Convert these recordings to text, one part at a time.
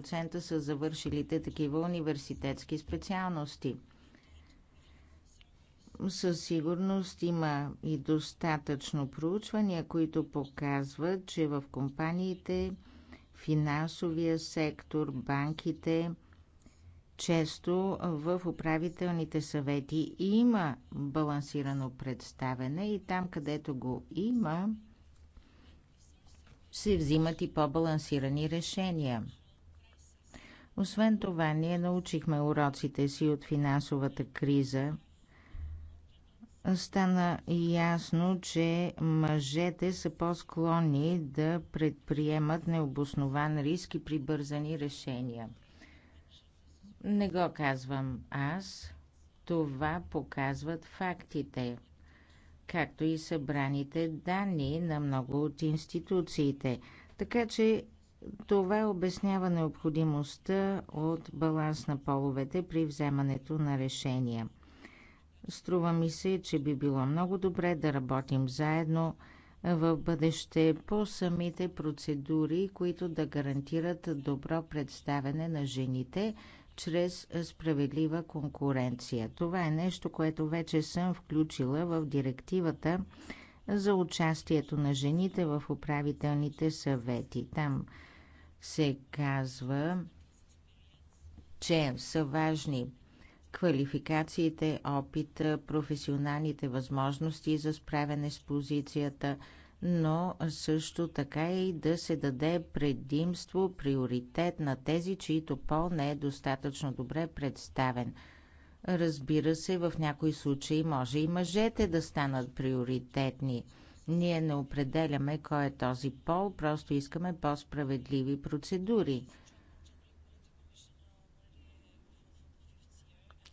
10% са завършилите такива университетски специалности. Със сигурност има и достатъчно проучвания, които показват, че в компаниите, финансовия сектор, банките, често в управителните съвети има балансирано представене и там, където го има, се взимат и по-балансирани решения. Освен това, ние научихме уроците си от финансовата криза. Стана ясно, че мъжете са по-склонни да предприемат необоснован риск и прибързани решения. Не го казвам аз, това показват фактите, както и събраните данни на много от институциите. Така че това обяснява необходимостта от баланс на половете при вземането на решения. Струва ми се, че би било много добре да работим заедно в бъдеще по самите процедури, които да гарантират добро представяне на жените чрез справедлива конкуренция. Това е нещо, което вече съм включила в директивата за участието на жените в управителните съвети. Там се казва, че са важни квалификациите, опита, професионалните възможности за справяне с позицията, но също така и да се даде предимство, приоритет на тези, чието пол не е достатъчно добре представен. Разбира се, в някои случаи може и мъжете да станат приоритетни – ние не определяме кой е този пол, просто искаме по-справедливи процедури.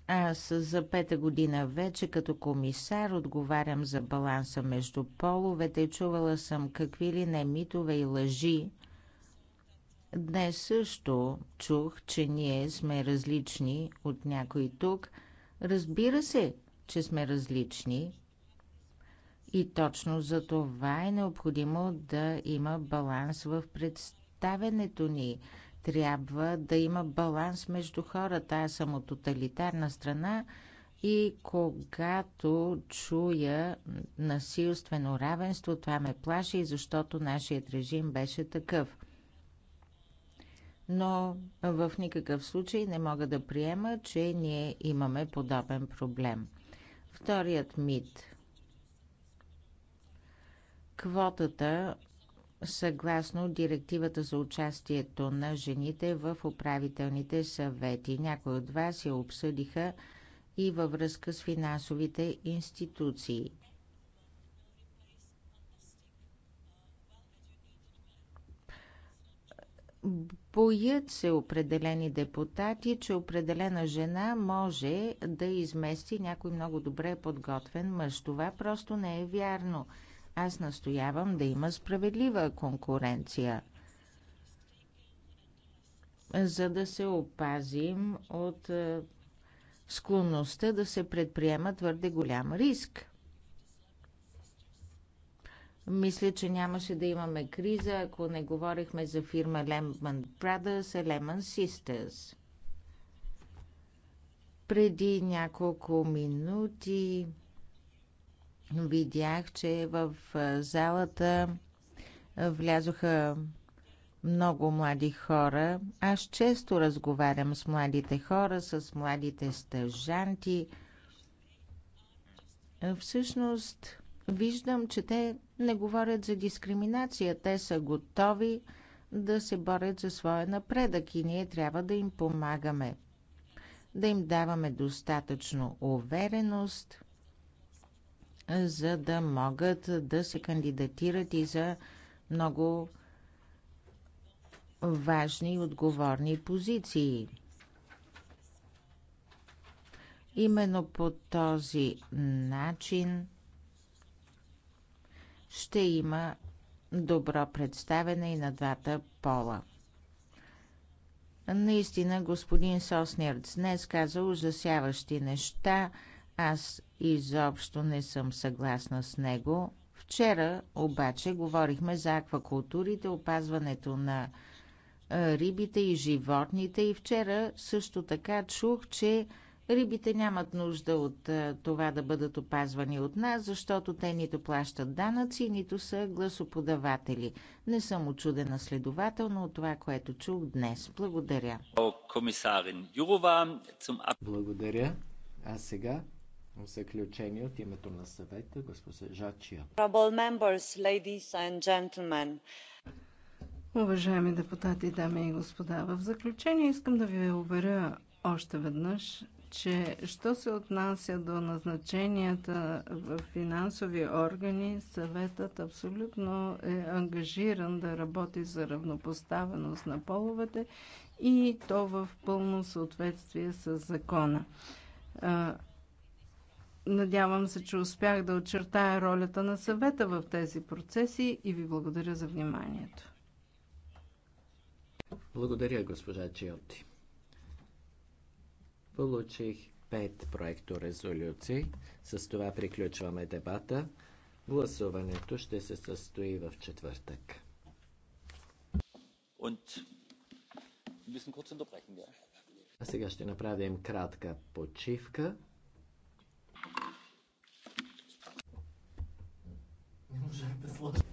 Аз за пета година вече като комисар отговарям за баланса между половете. Чувала съм какви ли не митове и лъжи. Днес също чух, че ние сме различни от някой тук. Разбира се, че сме различни. И точно за това е необходимо да има баланс в представенето ни. Трябва да има баланс между хората. Аз съм от тоталитарна страна и когато чуя насилствено равенство, това ме плаши, защото нашият режим беше такъв. Но в никакъв случай не мога да приема, че ние имаме подобен проблем. Вторият мит квотата съгласно директивата за участието на жените в управителните съвети. Някои от вас я обсъдиха и във връзка с финансовите институции. Боят се определени депутати, че определена жена може да измести някой много добре подготвен мъж. Това просто не е вярно. Аз настоявам да има справедлива конкуренция, за да се опазим от е, склонността да се предприема твърде голям риск. Мисля, че нямаше да имаме криза, ако не говорихме за фирма Lehman Brothers, и Lehman Sisters. Преди няколко минути Видях, че в залата влязоха много млади хора. Аз често разговарям с младите хора, с младите стъжанти. Всъщност, виждам, че те не говорят за дискриминация. Те са готови да се борят за своя напредък и ние трябва да им помагаме. Да им даваме достатъчно увереност – за да могат да се кандидатират и за много важни и отговорни позиции. Именно по този начин ще има добро представяне и на двата пола. Наистина господин Соснерц днес каза ужасяващи неща. Аз изобщо не съм съгласна с него. Вчера обаче говорихме за аквакултурите, опазването на рибите и животните и вчера също така чух, че рибите нямат нужда от това да бъдат опазвани от нас, защото те нито плащат данъци, нито са гласоподаватели. Не съм очудена следователно от това, което чух днес. Благодаря. Благодаря. А сега в заключение от името на съвета госпожа Чия. Уважаеми депутати, дами и господа, в заключение искам да ви уверя още веднъж, че що се отнася до назначенията в финансови органи, съветът абсолютно е ангажиран да работи за равнопоставеност на половете и то в пълно съответствие с закона. Надявам се, че успях да очертая ролята на съвета в тези процеси и ви благодаря за вниманието. Благодаря, госпожа Чиоти. Получих пет проекто резолюции. С това приключваме дебата. Гласуването ще се състои в четвъртък. А сега ще направим кратка почивка. Уже е сложно.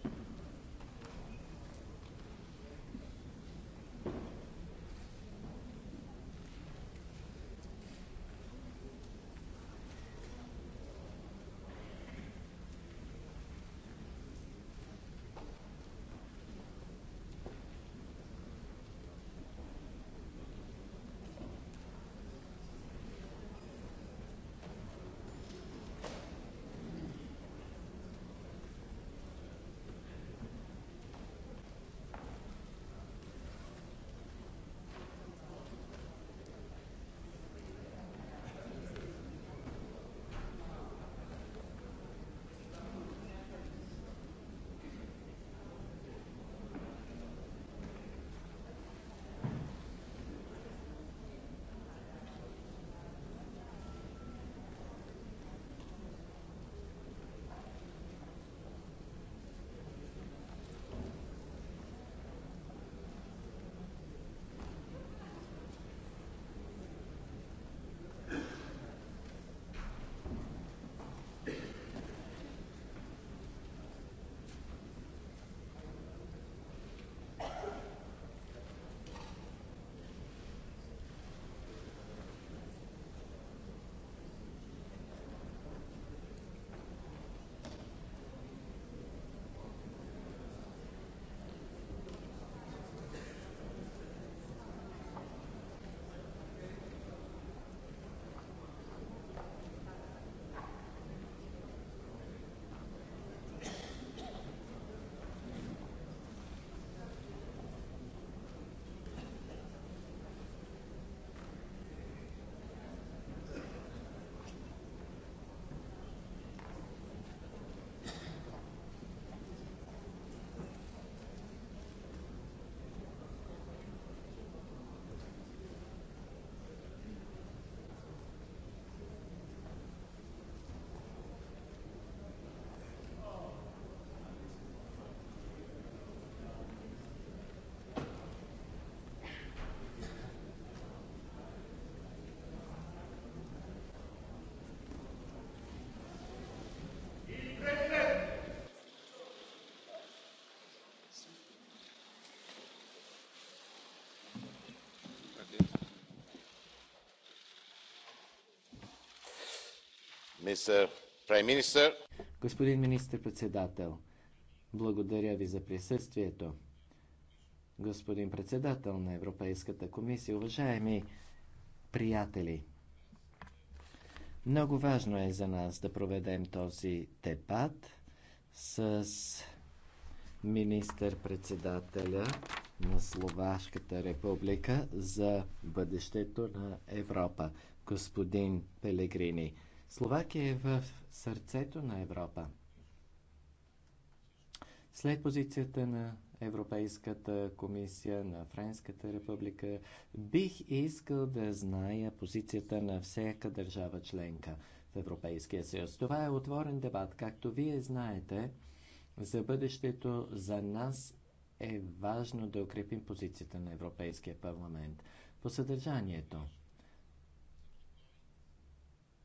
Господин министр-председател, благодаря ви за присъствието. Господин председател на Европейската комисия, уважаеми приятели, много важно е за нас да проведем този дебат с министър-председателя на Словашката република за бъдещето на Европа, господин Пелегрини. Словакия е в сърцето на Европа. След позицията на Европейската комисия, на Френската република, бих искал да зная позицията на всяка държава членка в Европейския съюз. Това е отворен дебат. Както вие знаете, за бъдещето за нас е важно да укрепим позицията на Европейския парламент. По съдържанието –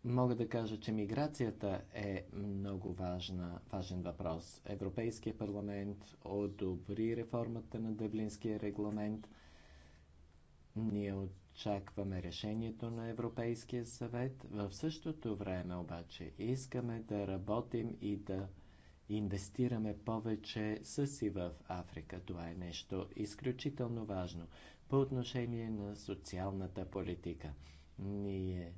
Мога да кажа, че миграцията е много важна, важен въпрос. Европейския парламент одобри реформата на Дъблинския регламент. Ние очакваме решението на Европейския съвет. В същото време обаче искаме да работим и да инвестираме повече съси в Африка. Това е нещо изключително важно по отношение на социалната политика. Ние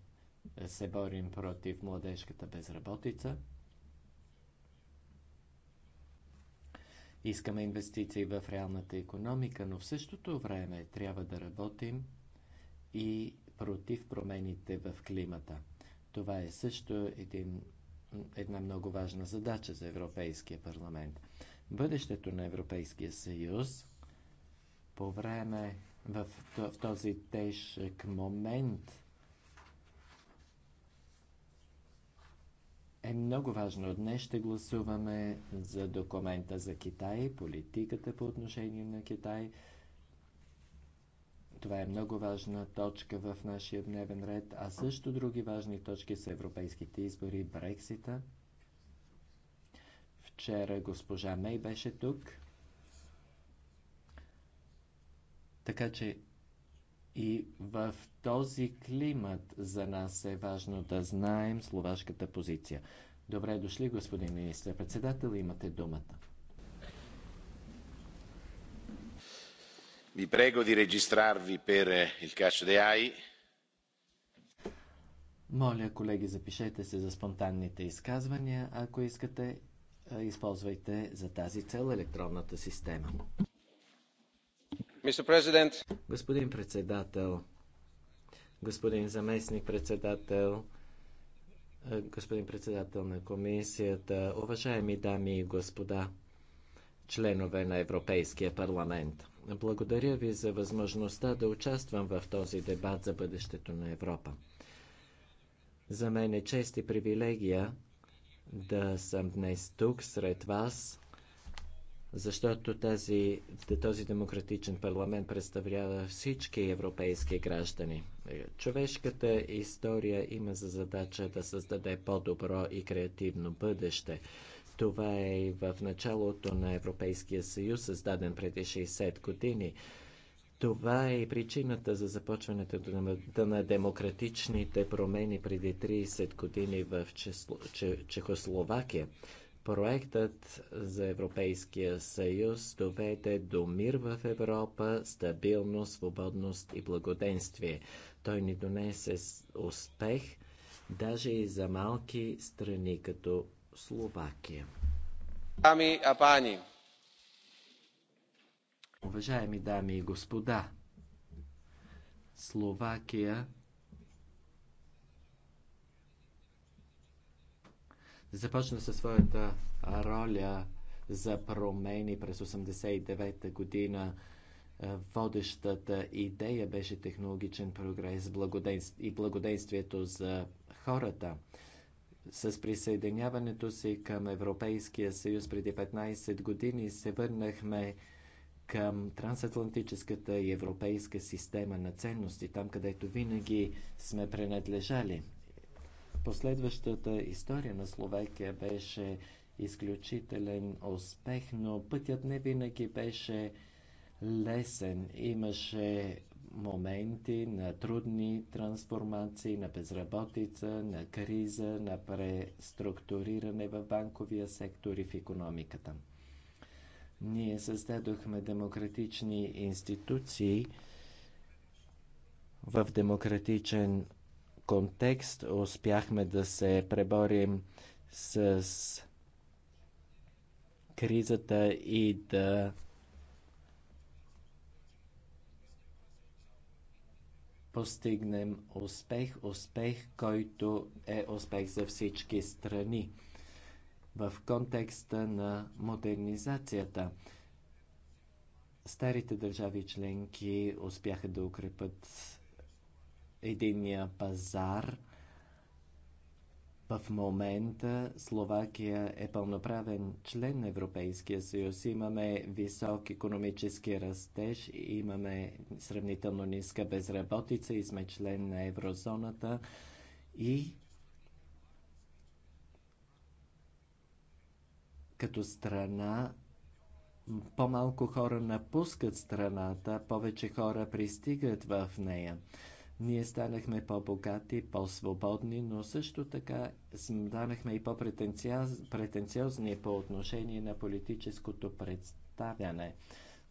се борим против младежката безработица. Искаме инвестиции в реалната економика, но в същото време трябва да работим и против промените в климата. Това е също един, една много важна задача за Европейския парламент. Бъдещето на Европейския съюз по време в, в този тежък момент – е много важно. Днес ще гласуваме за документа за Китай, политиката по отношение на Китай. Това е много важна точка в нашия дневен ред, а също други важни точки са европейските избори, Брексита. Вчера госпожа Мей беше тук. Така че и в този климат за нас е важно да знаем словашката позиция. Добре дошли, господин министър председател имате думата. Ви прего di регистрарви пер eh, il Catch the Eye. Моля, колеги, запишете се за спонтанните изказвания. Ако искате, използвайте за тази цел електронната система. Господин председател, господин заместник председател, е, господин председател на комисията, уважаеми дами и господа, членове на Европейския парламент. Благодаря ви за възможността да участвам в този дебат за бъдещето на Европа. За мен е чест и привилегия да съм днес тук сред вас защото тази, този демократичен парламент представлява всички европейски граждани. Човешката история има за задача да създаде по-добро и креативно бъдеще. Това е и в началото на Европейския съюз, създаден преди 60 години. Това е и причината за започването на демократичните промени преди 30 години в Чехословакия. Проектът за Европейския съюз доведе до мир в Европа, стабилност, свободност и благоденствие. Той ни донесе успех, даже и за малки страни като Словакия. Дами Апани. Уважаеми дами и господа, Словакия започна със своята роля за промени през 1989 година. Водещата идея беше технологичен прогрес и благоденствието за хората. С присъединяването си към Европейския съюз преди 15 години се върнахме към трансатлантическата и европейска система на ценности, там където винаги сме принадлежали. Последващата история на Словакия беше изключителен успех, но пътят не винаги беше лесен. Имаше моменти на трудни трансформации, на безработица, на криза, на преструктуриране в банковия сектор и в економиката. Ние създадохме демократични институции в демократичен контекст успяхме да се преборим с кризата и да постигнем успех, успех, който е успех за всички страни в контекста на модернизацията. Старите държави членки успяха да укрепят единния пазар. В момента Словакия е пълноправен член на Европейския съюз. Имаме висок економически растеж, имаме сравнително ниска безработица и сме член на еврозоната и като страна по-малко хора напускат страната, повече хора пристигат в нея. Ние станахме по-богати, по-свободни, но също така станахме и по-претенциозни по отношение на политическото представяне.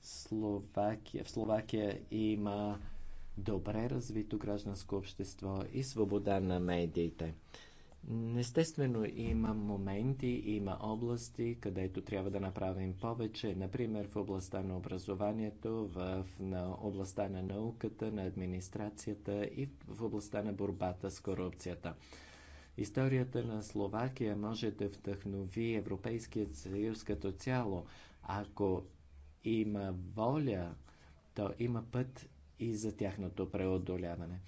Словакия, в Словакия има добре развито гражданско общество и свобода на медиите. Естествено, има моменти, има области, където трябва да направим повече, например в областта на образованието, в на областта на науката, на администрацията и в областта на борбата с корупцията. Историята на Словакия може да вдъхнови Европейския съюз като цяло. Ако има воля, то има път и за тяхното преодоляване,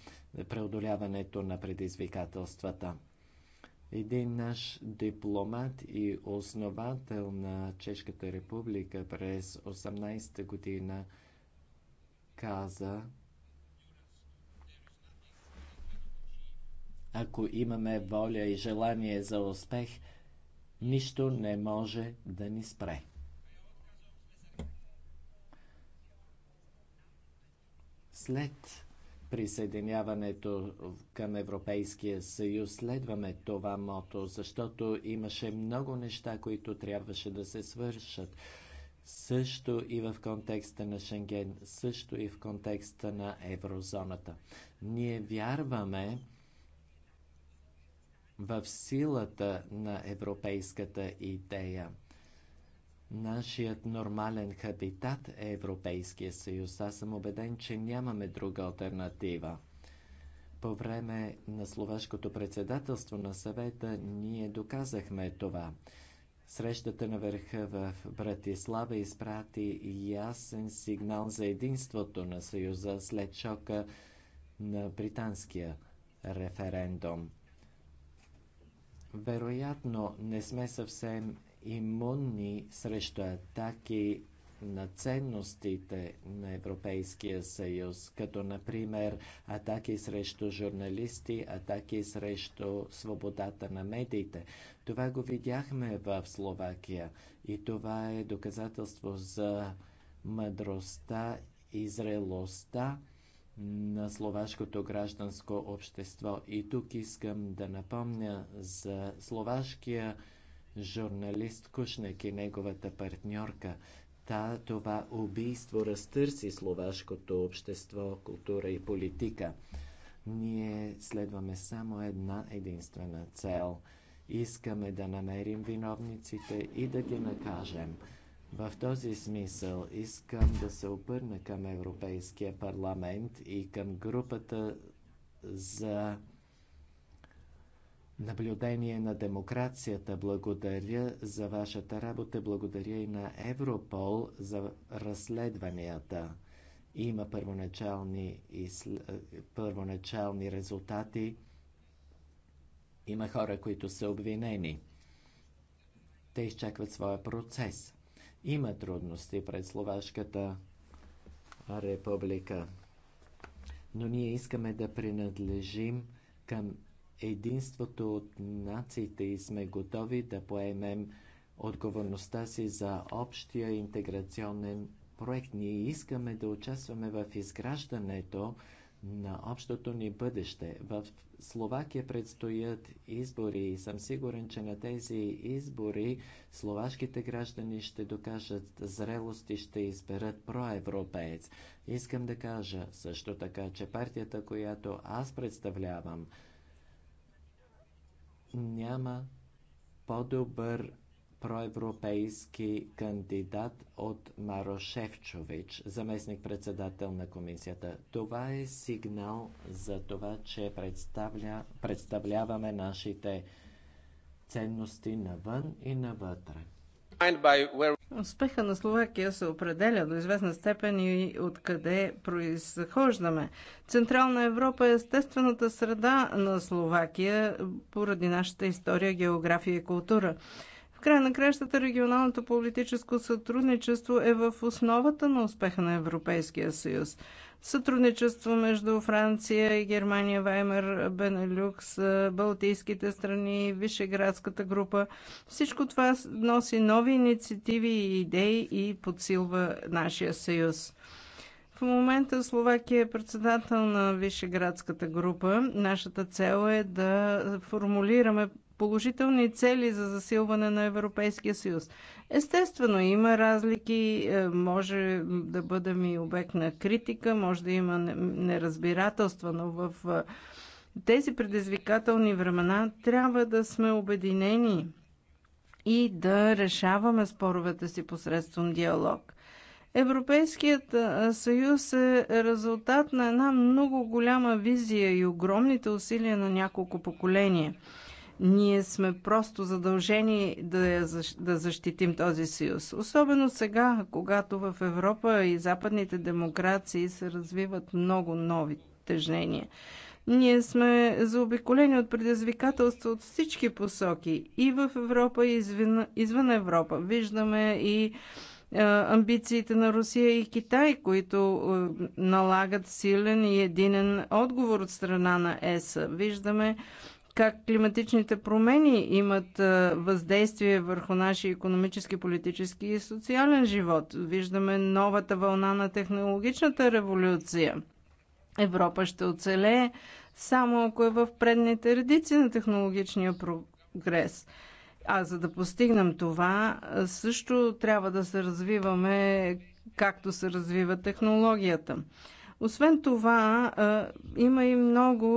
преодоляването на предизвикателствата. Един наш дипломат и основател на Чешката република през 18-та година каза, ако имаме воля и желание за успех, нищо не може да ни спре. След присъединяването към Европейския съюз следваме това мото, защото имаше много неща, които трябваше да се свършат. Също и в контекста на Шенген, също и в контекста на еврозоната. Ние вярваме в силата на европейската идея – Нашият нормален хабитат е Европейския съюз. Аз съм убеден, че нямаме друга альтернатива. По време на словашкото председателство на съвета ние доказахме това. Срещата на върха в Братислава изпрати ясен сигнал за единството на Съюза след шока на британския референдум. Вероятно не сме съвсем имунни срещу атаки на ценностите на Европейския съюз, като например атаки срещу журналисти, атаки срещу свободата на медиите. Това го видяхме в Словакия и това е доказателство за мъдростта и зрелостта на словашкото гражданско общество. И тук искам да напомня за словашкия журналист Кушнек и неговата партньорка. Та, това убийство разтърси словашкото общество, култура и политика. Ние следваме само една единствена цел. Искаме да намерим виновниците и да ги накажем. В този смисъл искам да се обърна към Европейския парламент и към групата за наблюдение на демокрацията. Благодаря за вашата работа. Благодаря и на Европол за разследванията. Има първоначални, изл... първоначални резултати. Има хора, които са обвинени. Те изчакват своя процес. Има трудности пред Словашката република. Но ние искаме да принадлежим към единството от нациите и сме готови да поемем отговорността си за общия интеграционен проект. Ние искаме да участваме в изграждането на общото ни бъдеще. В Словакия предстоят избори и съм сигурен, че на тези избори словашките граждани ще докажат зрелост и ще изберат проевропеец. Искам да кажа също така, че партията, която аз представлявам, няма по-добър проевропейски кандидат от марушевчович заместник-председател на комисията. Това е сигнал за това, че представля, представляваме нашите ценности навън и навътре. Успеха на Словакия се определя до известна степен и откъде произхождаме. Централна Европа е естествената среда на Словакия поради нашата история, география и култура края на кращата регионалното политическо сътрудничество е в основата на успеха на Европейския съюз. Сътрудничество между Франция и Германия, Ваймер, Бенелюкс, Балтийските страни, Вишеградската група. Всичко това носи нови инициативи и идеи и подсилва нашия съюз. В момента Словакия е председател на Вишеградската група. Нашата цел е да формулираме положителни цели за засилване на Европейския съюз. Естествено, има разлики, е, може да бъдем и обект на критика, може да има неразбирателства, но в е, тези предизвикателни времена трябва да сме обединени и да решаваме споровете си посредством диалог. Европейският е, съюз е резултат на една много голяма визия и огромните усилия на няколко поколения. Ние сме просто задължени да, да защитим този съюз. Особено сега, когато в Европа и западните демокрации се развиват много нови тежнения. Ние сме заобиколени от предизвикателства от всички посоки. И в Европа, и извън, извън Европа. Виждаме и е, амбициите на Русия и Китай, които е, налагат силен и единен отговор от страна на ЕСА. Виждаме как климатичните промени имат въздействие върху нашия економически, политически и социален живот. Виждаме новата вълна на технологичната революция. Европа ще оцелее само ако е в предните редици на технологичния прогрес. А за да постигнем това, също трябва да се развиваме както се развива технологията. Освен това, има и много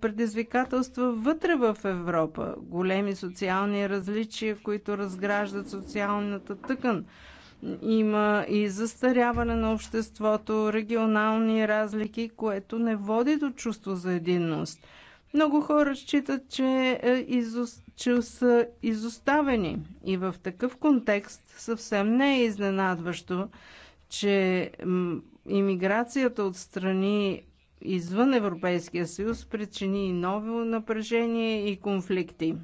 предизвикателства вътре в Европа. Големи социални различия, които разграждат социалната тъкан. Има и застаряване на обществото, регионални разлики, което не води до чувство за единност. Много хора считат, че, е, че са изоставени. И в такъв контекст съвсем не е изненадващо, че имиграцията от страни извън Европейския съюз причини и ново напрежение и конфликти.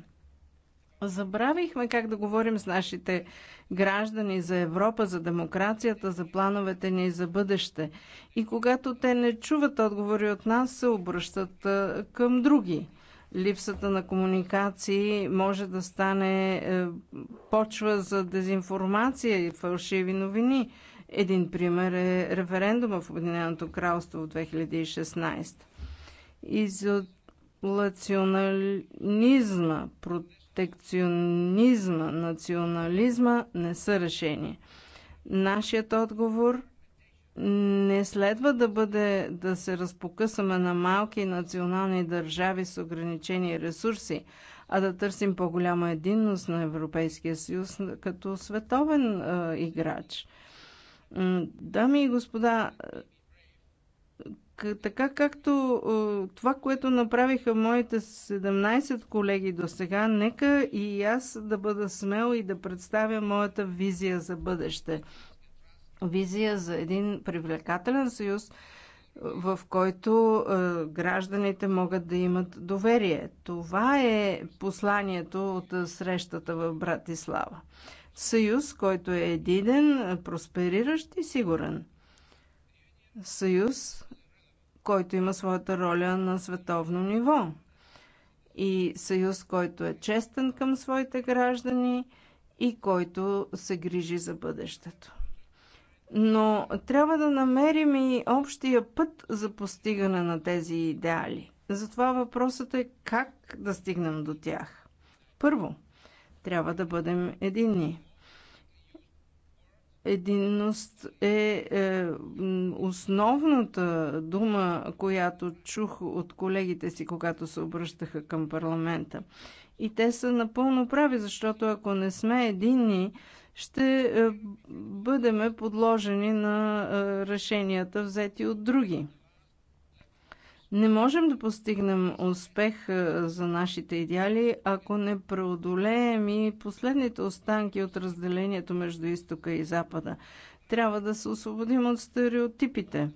Забравихме как да говорим с нашите граждани за Европа, за демокрацията, за плановете ни и за бъдеще. И когато те не чуват отговори от нас, се обръщат към други. Липсата на комуникации може да стане е, почва за дезинформация и фалшиви новини един пример е референдума в Обединеното кралство в 2016. Изолационализма, протекционизма, национализма не са решение. Нашият отговор не следва да бъде да се разпокъсаме на малки национални държави с ограничени ресурси, а да търсим по-голяма единност на Европейския съюз като световен а, играч – Дами и господа, е, така както е, това, което направиха моите 17 колеги до сега, нека и аз да бъда смел и да представя моята визия за бъдеще. Визия за един привлекателен съюз, е, в който гражданите могат да имат доверие. Това е посланието от срещата в Братислава. Съюз, който е единен, проспериращ и сигурен. Съюз, който има своята роля на световно ниво. И съюз, който е честен към своите граждани и който се грижи за бъдещето. Но трябва да намерим и общия път за постигане на тези идеали. Затова въпросът е как да стигнем до тях. Първо, трябва да бъдем единни единност е, е основната дума, която чух от колегите си, когато се обръщаха към парламента. И те са напълно прави, защото ако не сме единни, ще е, бъдеме подложени на е, решенията взети от други. Не можем да постигнем успех за нашите идеали, ако не преодолеем и последните останки от разделението между изтока и запада. Трябва да се освободим от стереотипите.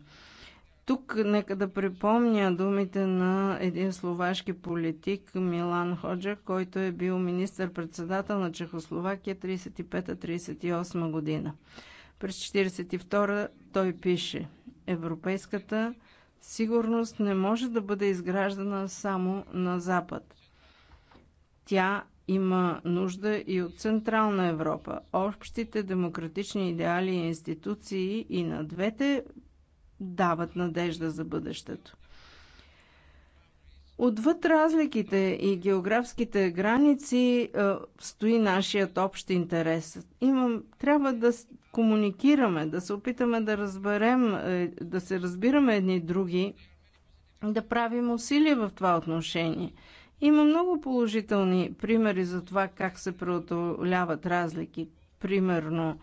Тук нека да припомня думите на един словашки политик Милан Ходжа, който е бил министър-председател на Чехословакия 35-38 година. През 1942 той пише Европейската сигурност не може да бъде изграждана само на Запад. Тя има нужда и от Централна Европа. Общите демократични идеали и институции и на двете дават надежда за бъдещето. Отвъд разликите и географските граници е, стои нашият общ интерес. Имам, трябва да комуникираме, да се опитаме да разберем, е, да се разбираме едни други, да правим усилия в това отношение. Има много положителни примери за това как се преодоляват разлики. Примерно,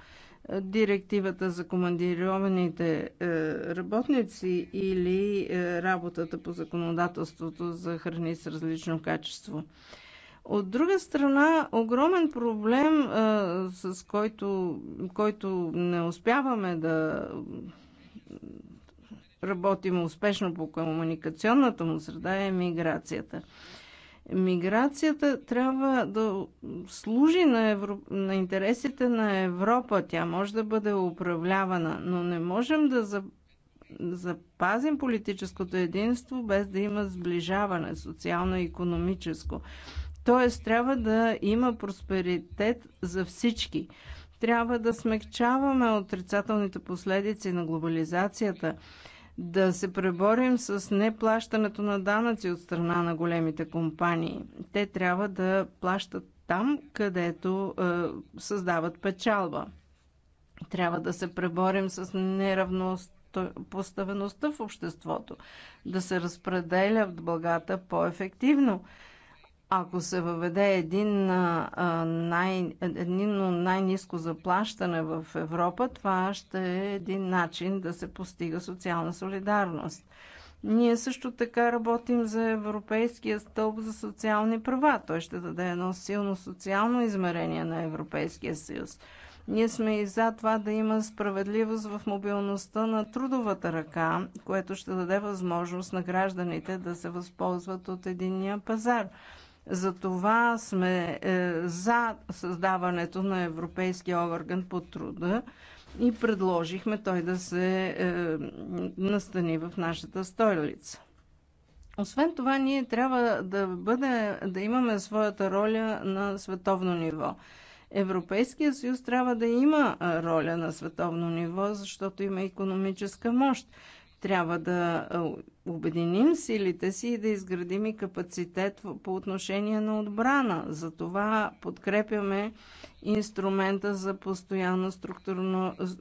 директивата за командированите е, работници или е, работата по законодателството за храни с различно качество. От друга страна, огромен проблем, е, с който, който не успяваме да работим успешно по комуникационната му среда, е миграцията. Миграцията трябва да служи на, Евро... на интересите на Европа. Тя може да бъде управлявана, но не можем да запазим политическото единство без да има сближаване социално-економическо. и Тоест, трябва да има просперитет за всички. Трябва да смягчаваме отрицателните последици на глобализацията да се преборим с неплащането на данъци от страна на големите компании. Те трябва да плащат там, където е, създават печалба. Трябва да се преборим с неравнопоставеността в обществото, да се разпределя в благата по-ефективно ако се въведе един, най, най-низко заплащане в Европа, това ще е един начин да се постига социална солидарност. Ние също така работим за Европейския стълб за социални права. Той ще даде едно силно социално измерение на Европейския съюз. Ние сме и за това да има справедливост в мобилността на трудовата ръка, което ще даде възможност на гражданите да се възползват от единния пазар. Затова сме е, за създаването на Европейския орган по труда и предложихме той да се е, настани в нашата столица. Освен това, ние трябва да, бъде, да имаме своята роля на световно ниво. Европейския съюз трябва да има роля на световно ниво, защото има економическа мощ. Трябва да обединим силите си и да изградим и капацитет по отношение на отбрана. Затова подкрепяме инструмента за постоянно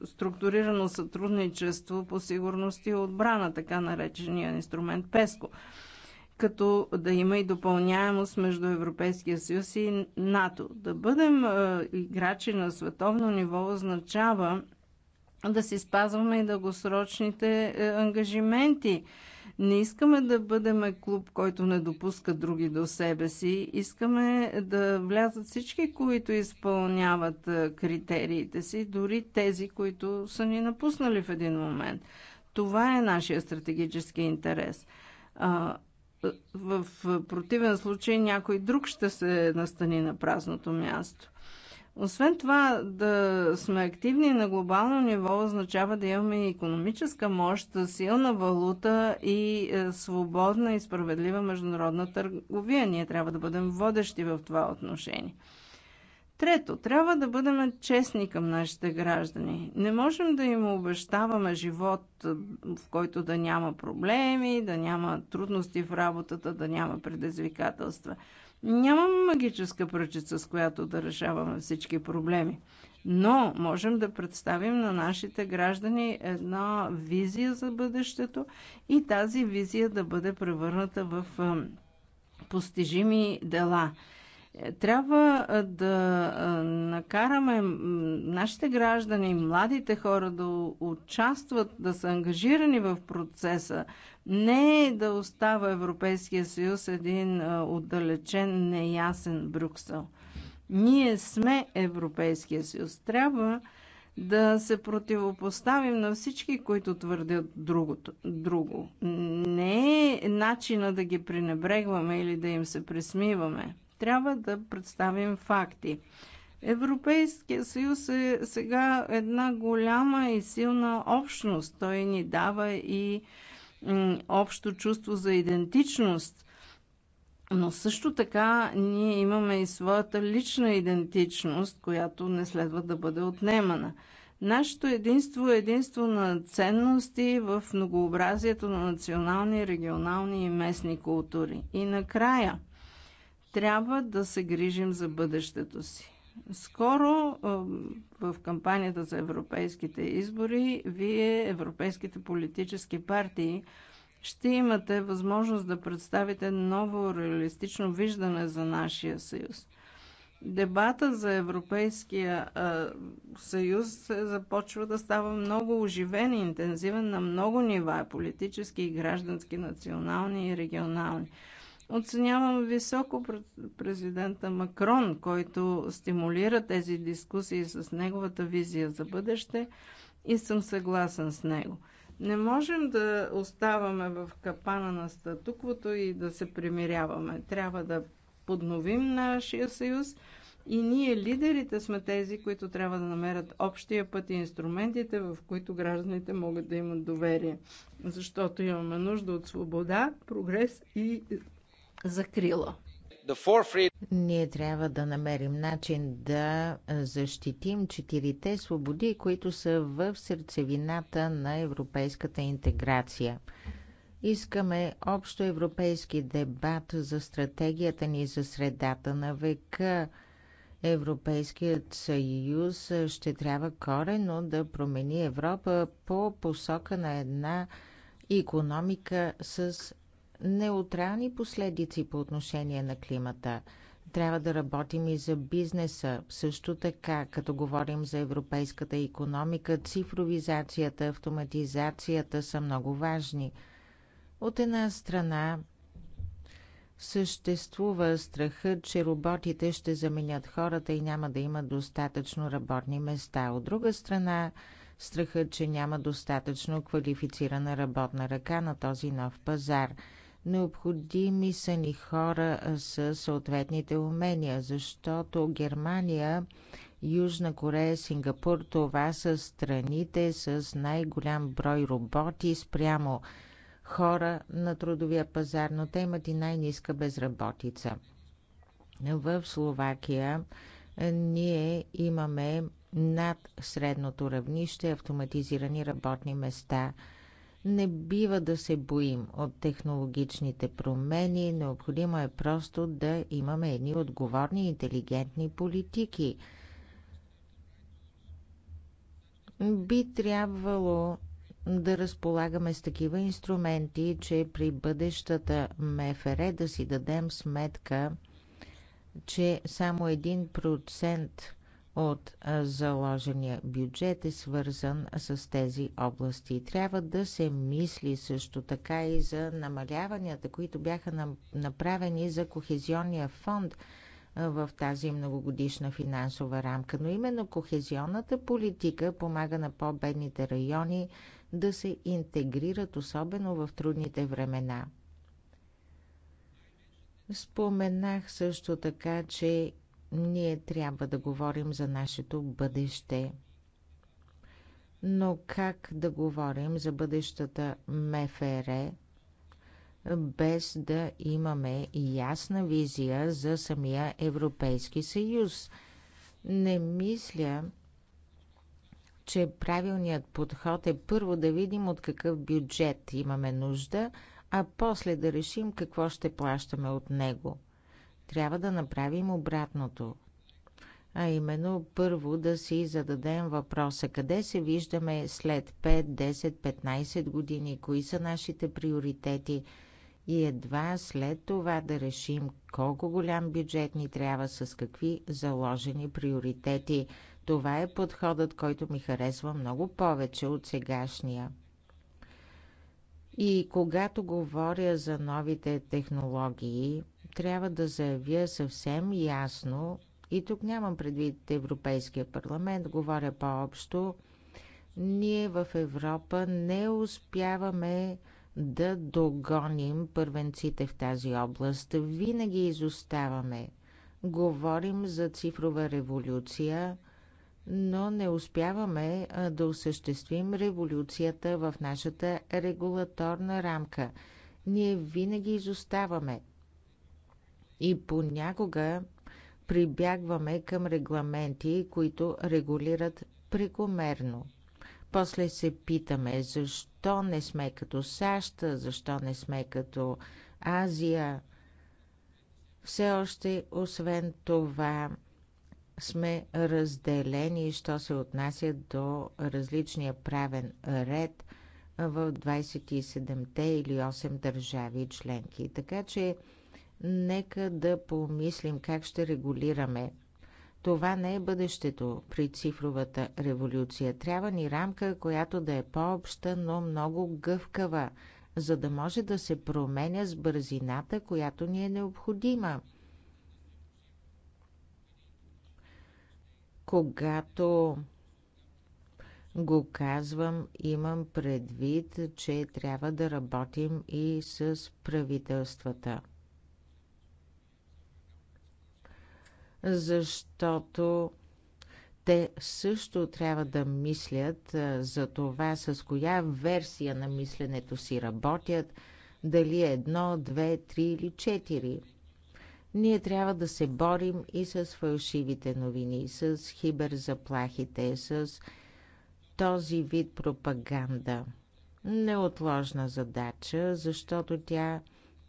структурирано сътрудничество по сигурност и отбрана, така наречения инструмент ПЕСКО като да има и допълняемост между Европейския съюз и НАТО. Да бъдем играчи на световно ниво означава да си спазваме и дългосрочните е, ангажименти. Не искаме да бъдем клуб, който не допуска други до себе си. Искаме да влязат всички, които изпълняват е, критериите си, дори тези, които са ни напуснали в един момент. Това е нашия стратегически интерес. В противен случай някой друг ще се настани на празното място. Освен това, да сме активни на глобално ниво означава да имаме економическа мощ, силна валута и е, свободна и справедлива международна търговия. Ние трябва да бъдем водещи в това отношение. Трето, трябва да бъдем честни към нашите граждани. Не можем да им обещаваме живот, е, в който да няма проблеми, да няма трудности в работата, да няма предизвикателства. Нямам магическа пръчица, с която да решаваме всички проблеми. Но можем да представим на нашите граждани една визия за бъдещето и тази визия да бъде превърната в постижими дела. Трябва да накараме нашите граждани, младите хора да участват, да са ангажирани в процеса, не е да остава Европейския съюз един отдалечен, неясен Брюксел. Ние сме Европейския съюз. Трябва да се противопоставим на всички, които твърдят другото, друго. Не е начина да ги пренебрегваме или да им се присмиваме. Трябва да представим факти. Европейския съюз е сега една голяма и силна общност. Той ни дава и общо чувство за идентичност, но също така ние имаме и своята лична идентичност, която не следва да бъде отнемана. Нашето единство е единство на ценности в многообразието на национални, регионални и местни култури. И накрая, трябва да се грижим за бъдещето си. Скоро в кампанията за европейските избори, вие, европейските политически партии, ще имате възможност да представите ново реалистично виждане за нашия съюз. Дебата за Европейския съюз започва да става много оживен и интензивен на много нива политически, граждански, национални и регионални. Оценявам високо президента Макрон, който стимулира тези дискусии с неговата визия за бъдеще и съм съгласен с него. Не можем да оставаме в капана на статуквото и да се примиряваме. Трябва да подновим нашия съюз и ние, лидерите, сме тези, които трябва да намерят общия път и инструментите, в които гражданите могат да имат доверие. Защото имаме нужда от свобода, прогрес и закрила. Ние трябва да намерим начин да защитим четирите свободи, които са в сърцевината на европейската интеграция. Искаме общо европейски дебат за стратегията ни за средата на века. Европейският съюз ще трябва корено да промени Европа по посока на една економика с неутрални последици по отношение на климата. Трябва да работим и за бизнеса. Също така, като говорим за европейската економика, цифровизацията, автоматизацията са много важни. От една страна, съществува страхът, че роботите ще заменят хората и няма да има достатъчно работни места. От друга страна, страхът, че няма достатъчно квалифицирана работна ръка на този нов пазар – Необходими са ни хора с съответните умения, защото Германия, Южна Корея, Сингапур това са страните с най-голям брой роботи спрямо хора на трудовия пазар, но те имат и най-ниска безработица. В Словакия ние имаме над средното равнище автоматизирани работни места – не бива да се боим от технологичните промени, необходимо е просто да имаме едни отговорни и интелигентни политики. Би трябвало да разполагаме с такива инструменти, че при бъдещата МФР да си дадем сметка, че само 1% от заложения бюджет е свързан с тези области. Трябва да се мисли също така и за намаляванията, които бяха направени за Кохезионния фонд в тази многогодишна финансова рамка. Но именно кохезионната политика помага на по-бедните райони да се интегрират, особено в трудните времена. Споменах също така, че ние трябва да говорим за нашето бъдеще. Но как да говорим за бъдещата МФР, без да имаме ясна визия за самия Европейски съюз? Не мисля, че правилният подход е първо да видим от какъв бюджет имаме нужда, а после да решим какво ще плащаме от него. Трябва да направим обратното. А именно първо да си зададем въпроса къде се виждаме след 5, 10, 15 години, кои са нашите приоритети и едва след това да решим колко голям бюджет ни трябва с какви заложени приоритети. Това е подходът, който ми харесва много повече от сегашния. И когато говоря за новите технологии, трябва да заявя съвсем ясно, и тук нямам предвид Европейския парламент, говоря по-общо, ние в Европа не успяваме да догоним първенците в тази област. Винаги изоставаме. Говорим за цифрова революция, но не успяваме да осъществим революцията в нашата регулаторна рамка. Ние винаги изоставаме. И понякога прибягваме към регламенти, които регулират прекомерно. После се питаме защо не сме като САЩ, защо не сме като Азия. Все още, освен това, сме разделени, що се отнася до различния правен ред в 27-те или 8 държави членки. Така че Нека да помислим как ще регулираме. Това не е бъдещето при цифровата революция. Трябва ни рамка, която да е по-обща, но много гъвкава, за да може да се променя с бързината, която ни е необходима. Когато го казвам, имам предвид, че трябва да работим и с правителствата – защото те също трябва да мислят за това с коя версия на мисленето си работят, дали е едно, две, три или четири. Ние трябва да се борим и с фалшивите новини, с хиберзаплахите, с този вид пропаганда. Неотложна задача, защото тя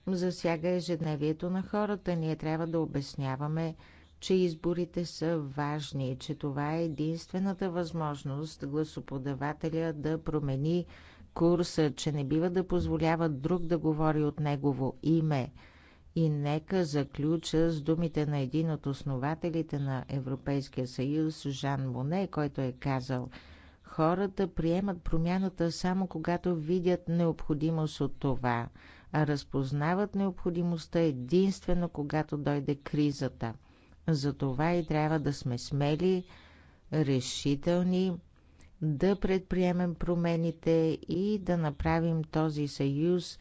засяга ежедневието на хората. Ние трябва да обясняваме че изборите са важни, че това е единствената възможност гласоподавателя да промени курса, че не бива да позволява друг да говори от негово име. И нека заключа с думите на един от основателите на Европейския съюз, Жан Моне, който е казал Хората приемат промяната само когато видят необходимост от това, а разпознават необходимостта единствено когато дойде кризата – затова и трябва да сме смели, решителни, да предприемем промените и да направим този съюз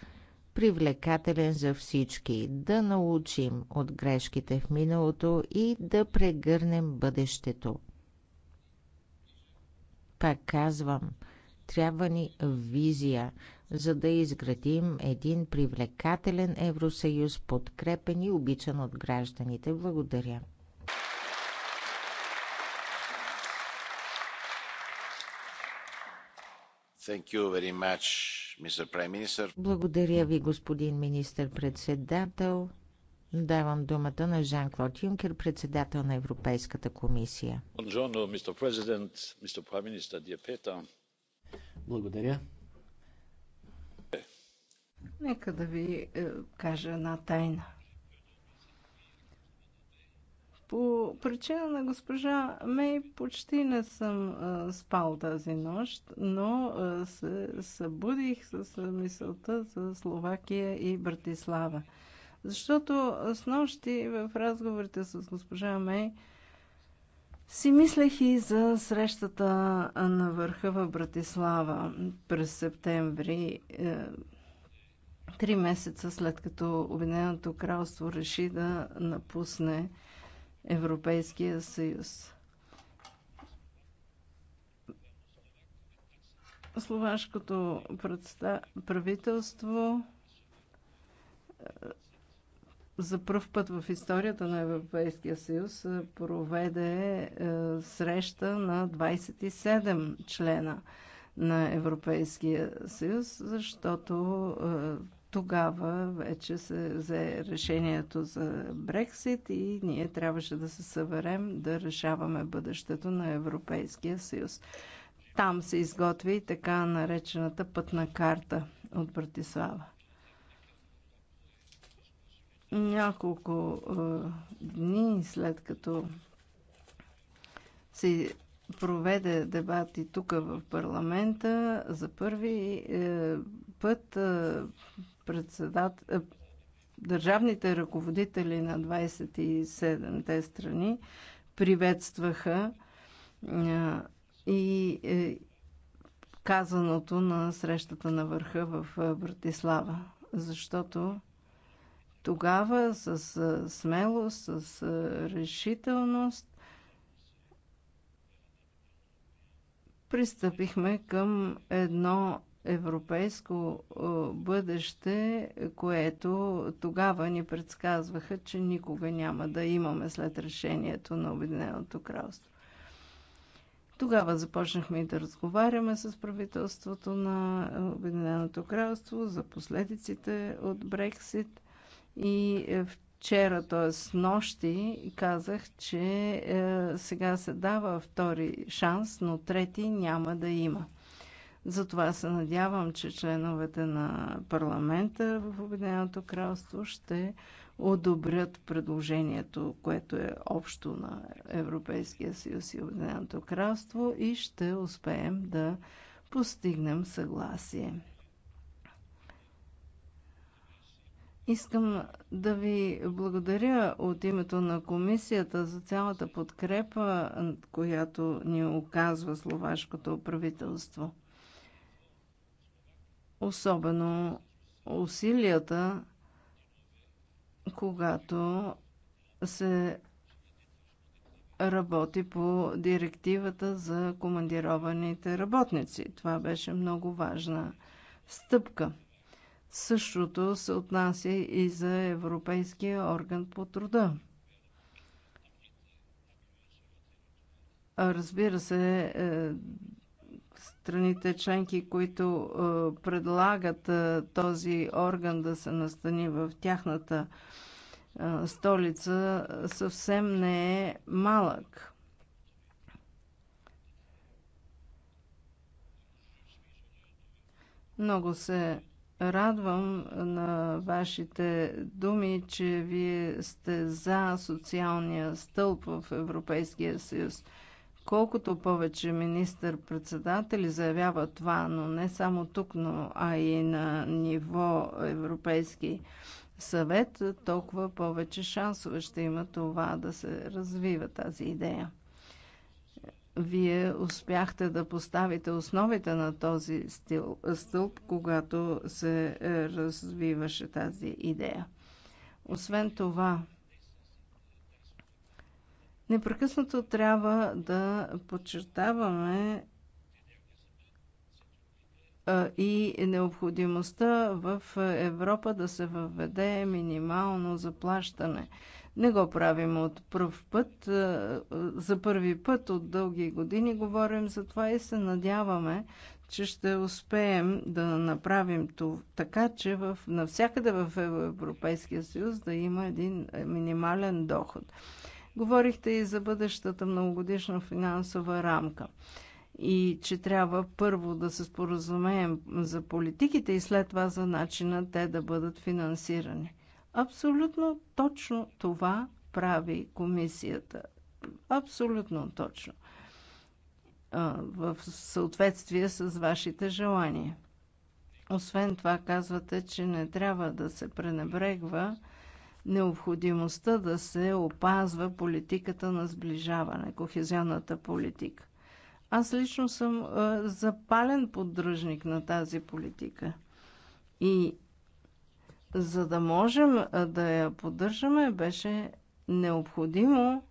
привлекателен за всички, да научим от грешките в миналото и да прегърнем бъдещето. Пак казвам, трябва ни визия, за да изградим един привлекателен Евросъюз, подкрепен и обичан от гражданите. Благодаря. Благодаря ви, господин министър-председател. Давам думата на Жан-Клод Юнкер, председател на Европейската комисия. Благодаря. Е. Нека да ви е, кажа една тайна. По причина на госпожа Мей почти не съм а, спал тази нощ, но а, се събудих с мисълта за Словакия и Братислава. Защото с нощи в разговорите с госпожа Мей си мислех и за срещата на върха в Братислава през септември. Е, три месеца след като Обединеното кралство реши да напусне Европейския съюз. Словашкото правителство е, за първ път в историята на Европейския съюз е, проведе е, среща на 27 члена на Европейския съюз, защото тогава вече се взе решението за Брексит и ние трябваше да се съберем да решаваме бъдещето на Европейския съюз. Там се изготви и така наречената пътна карта от Братислава. Няколко дни след като се проведе дебати тук в парламента за първи е, път е, председат... Е, държавните ръководители на 27-те страни приветстваха е, и е, казаното на срещата на върха в Братислава. Защото тогава с смелост, с решителност пристъпихме към едно европейско бъдеще, което тогава ни предсказваха, че никога няма да имаме след решението на Обединеното кралство. Тогава започнахме и да разговаряме с правителството на Обединеното кралство за последиците от Брексит и е, вчера, т.е. нощи, казах, че е, сега се дава втори шанс, но трети няма да има. Затова се надявам, че членовете на парламента в Обединеното кралство ще одобрят предложението, което е общо на Европейския съюз и Обединеното кралство и ще успеем да постигнем съгласие. Искам да ви благодаря от името на комисията за цялата подкрепа, която ни оказва словашкото правителство особено усилията, когато се работи по директивата за командированите работници. Това беше много важна стъпка. Същото се отнася и за Европейския орган по труда. Разбира се, е, страните членки, които е, предлагат е, този орган да се настани в тяхната е, столица, съвсем не е малък. Много се радвам на вашите думи, че вие сте за социалния стълб в Европейския съюз. Колкото повече министър-председатели заявява това, но не само тук, но а и на ниво Европейски съвет, толкова повече шансове ще има това да се развива тази идея. Вие успяхте да поставите основите на този стил, стълб, когато се е, развиваше тази идея. Освен това, Непрекъснато трябва да подчертаваме и необходимостта в Европа да се въведе минимално заплащане. Не го правим от първ път. За първи път от дълги години говорим за това и се надяваме, че ще успеем да направим това, така, че в, навсякъде в Европейския съюз да има един минимален доход. Говорихте и за бъдещата многогодишна финансова рамка и че трябва първо да се споразумеем за политиките и след това за начина те да бъдат финансирани. Абсолютно точно това прави комисията. Абсолютно точно. В съответствие с вашите желания. Освен това, казвате, че не трябва да се пренебрегва необходимостта да се опазва политиката на сближаване, кохезионната политика. Аз лично съм е, запален поддръжник на тази политика. И за да можем е, да я поддържаме, беше необходимо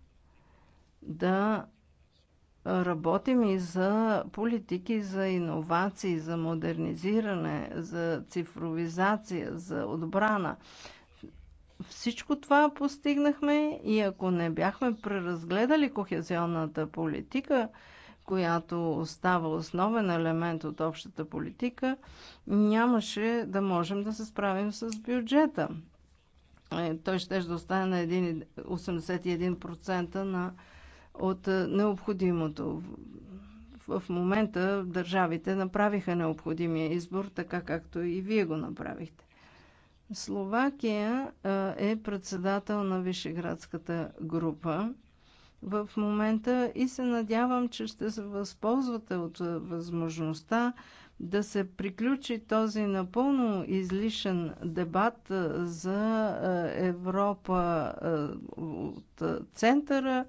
да работим и за политики за иновации, за модернизиране, за цифровизация, за отбрана всичко това постигнахме и ако не бяхме преразгледали кохезионната политика, която остава основен елемент от общата политика, нямаше да можем да се справим с бюджета. Е, той ще да остане на 81% на, от е, необходимото. В момента държавите направиха необходимия избор, така както и вие го направихте. Словакия е председател на Вишеградската група в момента и се надявам, че ще се възползвате от възможността да се приключи този напълно излишен дебат за Европа от центъра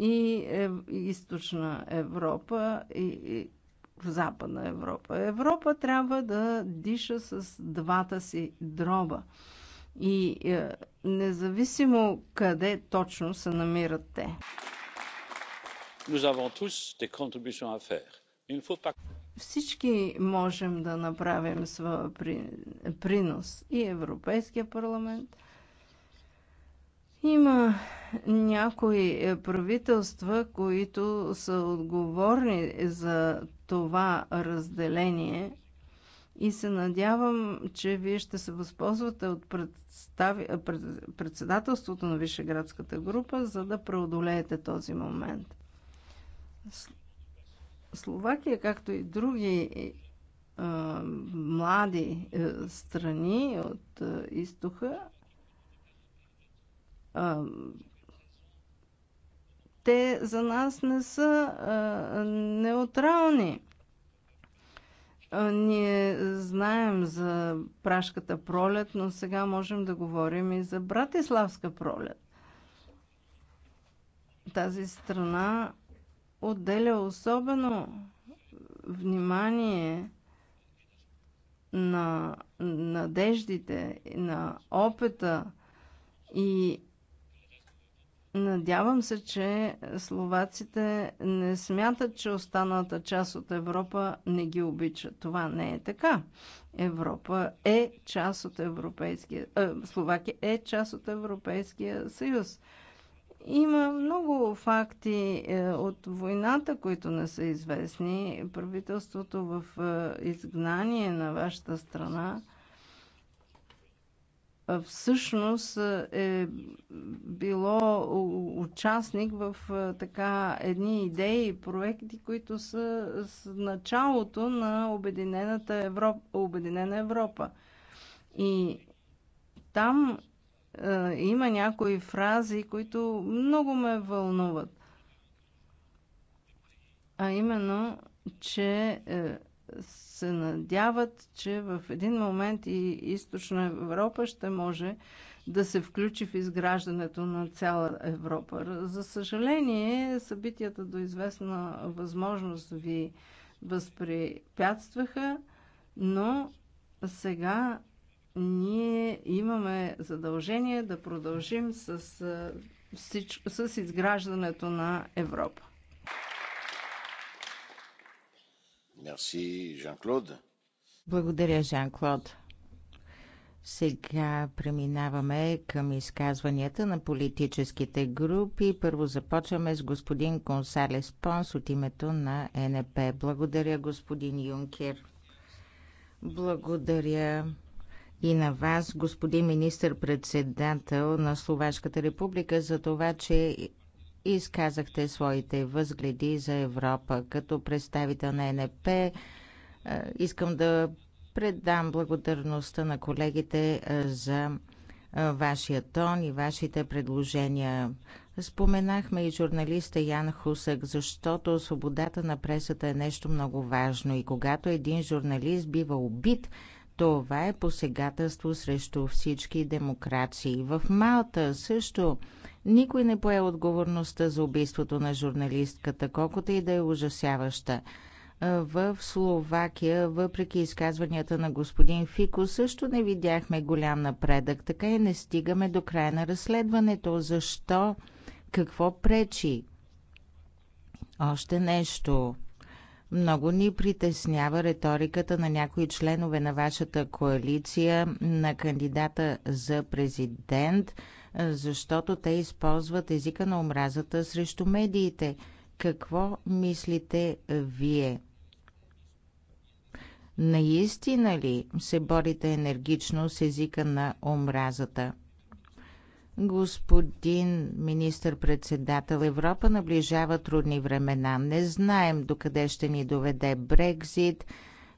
е, и източна Европа и в Западна Европа. Европа трябва да диша с двата си дроба. И е, независимо къде точно се намират те. Всички можем да направим своя принос. И Европейския парламент, има някои е, правителства, които са отговорни за това разделение и се надявам, че вие ще се възползвате от представи... председателството на Вишеградската група, за да преодолеете този момент. Словакия, както и други е, а, млади а, е, страни от а, изтоха, те за нас не са а, неутрални. А, ние знаем за прашката пролет, но сега можем да говорим и за братиславска пролет. Тази страна отделя особено внимание на надеждите, на опита и Надявам се, че словаците не смятат, че останалата част от Европа не ги обича. Това не е така. Европа е част от Европейския... Э, Словакия е част от Европейския съюз. Има много факти е, от войната, които не са известни. Правителството в е, изгнание на вашата страна – всъщност е било участник в така едни идеи и проекти, които са с началото на Обединената Европа, Обединена Европа. И там е, има някои фрази, които много ме вълнуват. А именно, че е, се надяват, че в един момент и източна Европа ще може да се включи в изграждането на цяла Европа. За съжаление, събитията до известна възможност ви възпрепятстваха, но сега ние имаме задължение да продължим с, с, с изграждането на Европа. Мерси, Жан Клод. Благодаря, Жан Клод. Сега преминаваме към изказванията на политическите групи. Първо започваме с господин Консалес Понс от името на НП. Благодаря, господин Юнкер. Благодаря и на вас, господин министър-председател на Словашката република, за това, че изказахте своите възгледи за Европа. Като представител на НП е, искам да предам благодарността на колегите е, за е, вашия тон и вашите предложения. Споменахме и журналиста Ян Хусък, защото свободата на пресата е нещо много важно и когато един журналист бива убит, това е посегателство срещу всички демокрации. В Малта също никой не пое отговорността за убийството на журналистката, колкото и да е ужасяваща. В Словакия, въпреки изказванията на господин Фико, също не видяхме голям напредък. Така и не стигаме до края на разследването. Защо? Какво пречи? Още нещо. Много ни притеснява риториката на някои членове на вашата коалиция на кандидата за президент, защото те използват езика на омразата срещу медиите. Какво мислите вие? Наистина ли се борите енергично с езика на омразата? Господин министър-председател, Европа наближава трудни времена. Не знаем докъде ще ни доведе Брекзит.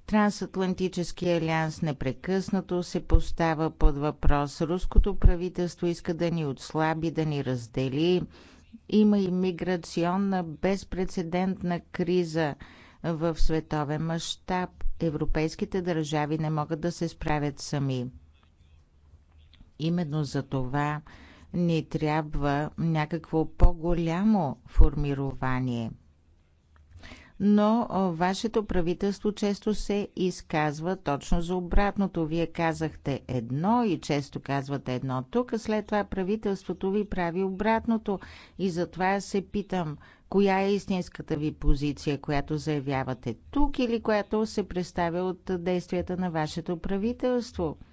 Трансатлантическия алианс непрекъснато се постава под въпрос. Руското правителство иска да ни отслаби, да ни раздели. Има и миграционна безпредседентна криза в световен мащаб. Европейските държави не могат да се справят сами. Именно за това ни трябва някакво по-голямо формирование. Но вашето правителство често се изказва точно за обратното. Вие казахте едно и често казвате едно тук, а след това правителството ви прави обратното. И затова се питам, коя е истинската ви позиция, която заявявате тук или която се представя от действията на вашето правителство –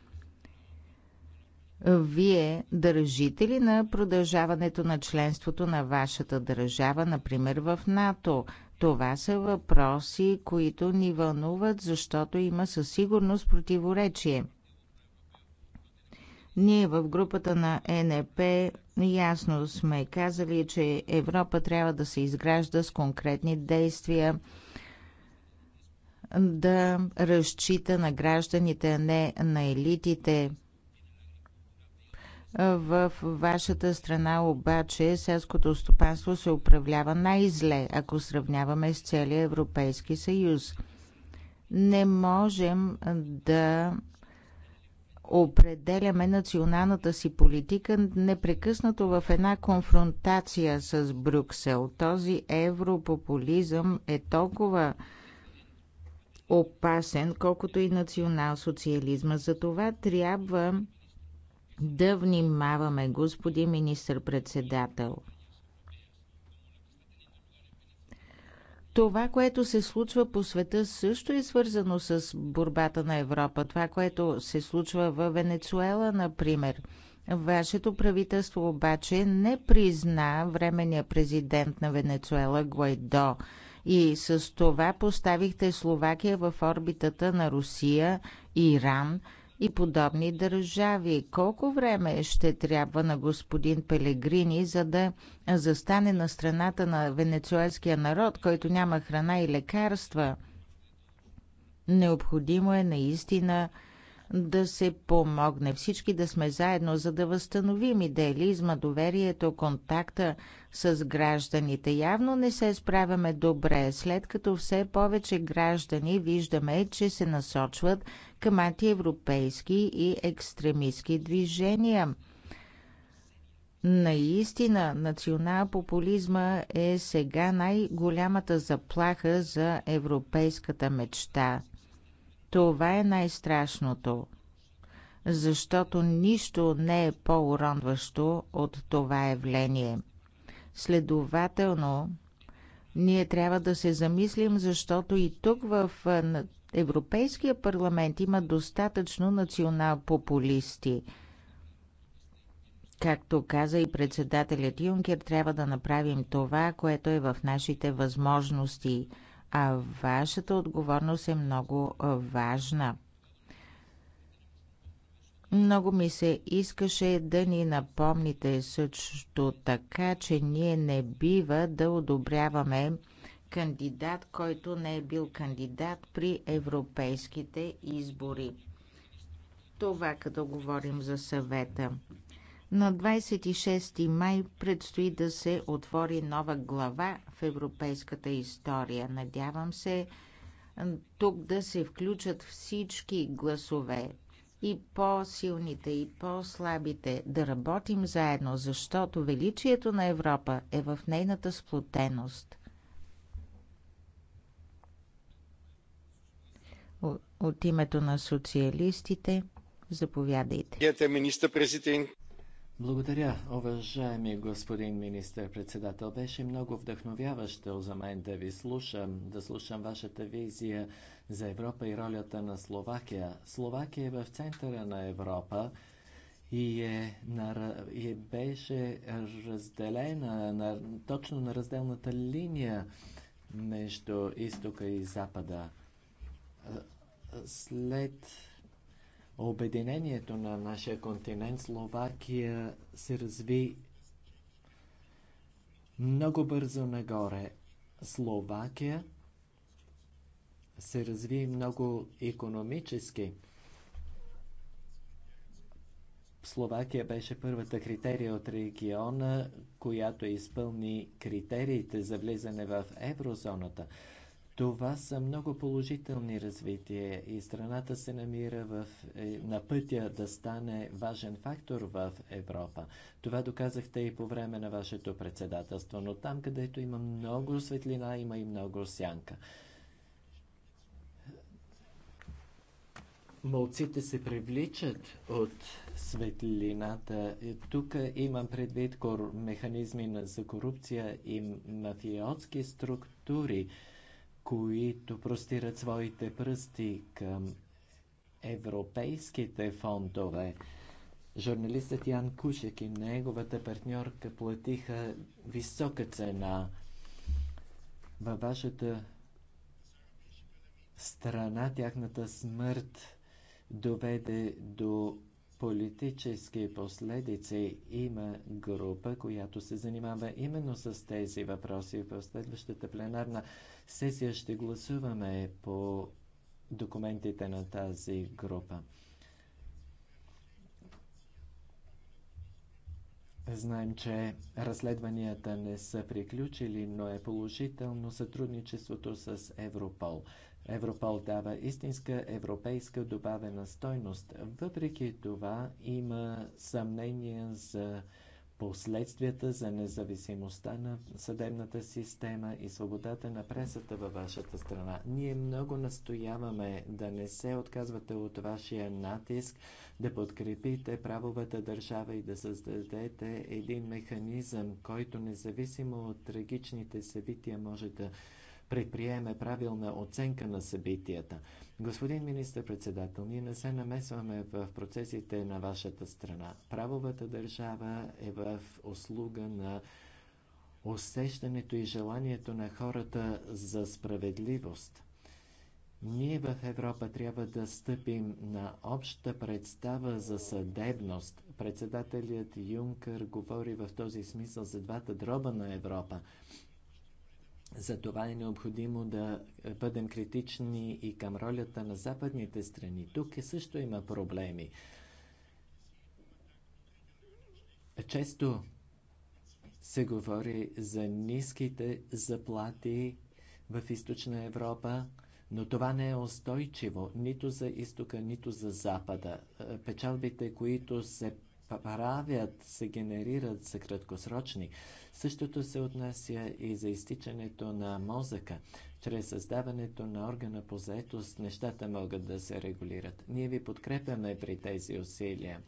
вие държите ли на продължаването на членството на вашата държава, например в НАТО? Това са въпроси, които ни вълнуват, защото има със сигурност противоречие. Ние в групата на НП ясно сме казали, че Европа трябва да се изгражда с конкретни действия, да разчита на гражданите, а не на елитите в вашата страна обаче селското стопанство се управлява най-зле, ако сравняваме с целия Европейски съюз. Не можем да определяме националната си политика непрекъснато в една конфронтация с Брюксел. Този европопулизъм е толкова опасен, колкото и национал-социализма. За това трябва да внимаваме, господин министр-председател. Това, което се случва по света, също е свързано с борбата на Европа. Това, което се случва в Венецуела, например. Вашето правителство обаче не призна временния президент на Венецуела Гуайдо и с това поставихте Словакия в орбитата на Русия, Иран – и подобни държави. Колко време ще трябва на господин Пелегрини, за да застане на страната на венецуелския народ, който няма храна и лекарства? Необходимо е наистина да се помогне. Всички да сме заедно, за да възстановим идеализма, доверието, контакта с гражданите. Явно не се справяме добре, след като все повече граждани виждаме, че се насочват към антиевропейски и екстремистски движения. Наистина, национал-популизма е сега най-голямата заплаха за европейската мечта. Това е най-страшното, защото нищо не е по-уронващо от това явление. Следователно, ние трябва да се замислим, защото и тук в Европейския парламент има достатъчно национал-популисти. Както каза и председателят Юнкер, трябва да направим това, което е в нашите възможности, а вашата отговорност е много важна. Много ми се искаше да ни напомните също така, че ние не бива да одобряваме кандидат, който не е бил кандидат при европейските избори. Това като говорим за съвета. На 26 май предстои да се отвори нова глава в европейската история. Надявам се тук да се включат всички гласове, и по-силните, и по-слабите, да работим заедно, защото величието на Европа е в нейната сплотеност. От името на социалистите, заповядайте. Благодаря, уважаеми господин министър-председател. Беше много вдъхновяващо за мен да ви слушам, да слушам вашата визия за Европа и ролята на Словакия. Словакия е в центъра на Европа и, е, на, и е, беше разделена на, точно на разделната линия между изтока и запада след обединението на нашия континент, Словакия се разви много бързо нагоре. Словакия се разви много економически. Словакия беше първата критерия от региона, която изпълни критериите за влизане в еврозоната. Това са много положителни развития и страната се намира в, е, на пътя да стане важен фактор в Европа. Това доказахте и по време на вашето председателство, но там, където има много светлина, има и много сянка. Молците се привличат от светлината. Е, тук имам предвид механизми за корупция и мафиотски структури които простират своите пръсти към европейските фондове. Журналистът Ян Кушек и неговата партньорка платиха висока цена. Във вашата страна тяхната смърт доведе до политически последици има група, която се занимава именно с тези въпроси. В следващата пленарна сесия ще гласуваме по документите на тази група. Знаем, че разследванията не са приключили, но е положително сътрудничеството с Европол. Европол дава истинска европейска добавена стойност. Въпреки това има съмнения за последствията за независимостта на съдебната система и свободата на пресата във вашата страна. Ние много настояваме да не се отказвате от вашия натиск, да подкрепите правовата държава и да създадете един механизъм, който независимо от трагичните събития може да предприеме правилна оценка на събитията. Господин министър-председател, ние не се намесваме в процесите на вашата страна. Правовата държава е в услуга на усещането и желанието на хората за справедливост. Ние в Европа трябва да стъпим на обща представа за съдебност. Председателят Юнкър говори в този смисъл за двата дроба на Европа. Затова е необходимо да бъдем критични и към ролята на западните страни. Тук е също има проблеми. Често се говори за ниските заплати в източна Европа, но това не е устойчиво нито за изтока, нито за запада. Печалбите, които се правят, се генерират са краткосрочни. Същото се отнася и за изтичането на мозъка. Чрез създаването на органа по заетост нещата могат да се регулират. Ние ви подкрепяме при тези усилия.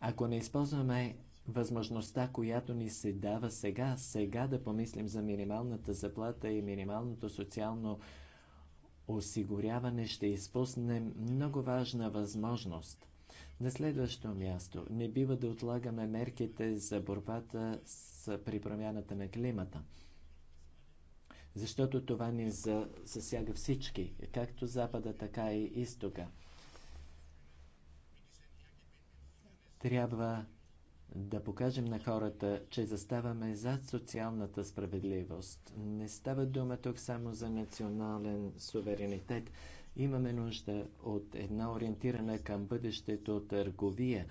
Ако не използваме възможността, която ни се дава сега, сега да помислим за минималната заплата и минималното социално осигуряване ще изпуснем много важна възможност. На следващо място, не бива да отлагаме мерките за борбата с, при промяната на климата, защото това ни за, засяга всички, както Запада, така и Изтока. Трябва да покажем на хората, че заставаме зад социалната справедливост. Не става дума тук само за национален суверенитет. Имаме нужда от една ориентирана към бъдещето търговия.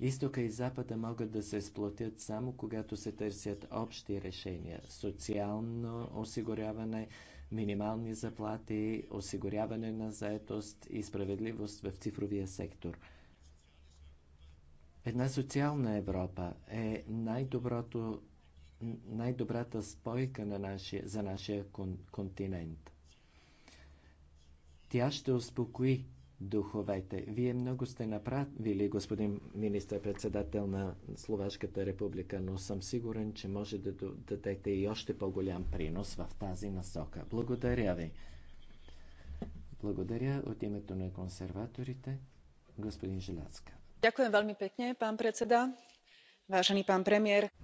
Изтока и Запада могат да се сплотят само когато се търсят общи решения. Социално осигуряване, минимални заплати, осигуряване на заетост и справедливост в цифровия сектор – Една социална Европа е най-доброто, най-добрата спойка на нашия, за нашия кон, континент. Тя ще успокои духовете. Вие много сте направили, господин министър-председател на Словашката република, но съм сигурен, че може да дадете и още по-голям принос в тази насока. Благодаря ви. Благодаря от името на консерваторите, господин Желяцка.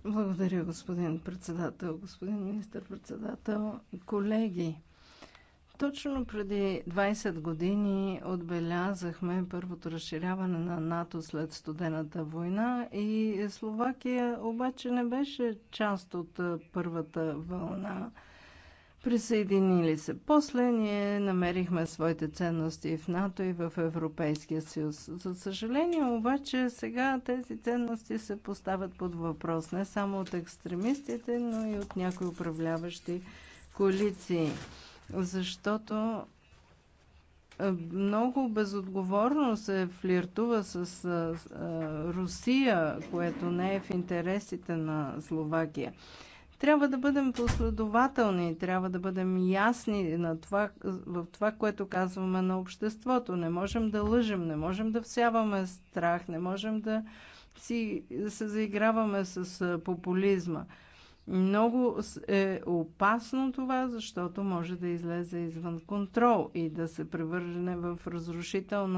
Благодаря, господин председател, господин министър-председател, колеги. Точно преди 20 години отбелязахме първото разширяване на НАТО след студената война и Словакия обаче не беше част от първата вълна присъединили се. После ние намерихме своите ценности в НАТО и в Европейския съюз. За съжаление обаче сега тези ценности се поставят под въпрос не само от екстремистите, но и от някои управляващи коалиции. Защото много безотговорно се флиртува с Русия, което не е в интересите на Словакия. Трябва да бъдем последователни, трябва да бъдем ясни на това, в това, което казваме на обществото. Не можем да лъжим, не можем да всяваме страх, не можем да си се заиграваме с популизма. Много е опасно това, защото може да излезе извън контрол и да се превърне в разрушителна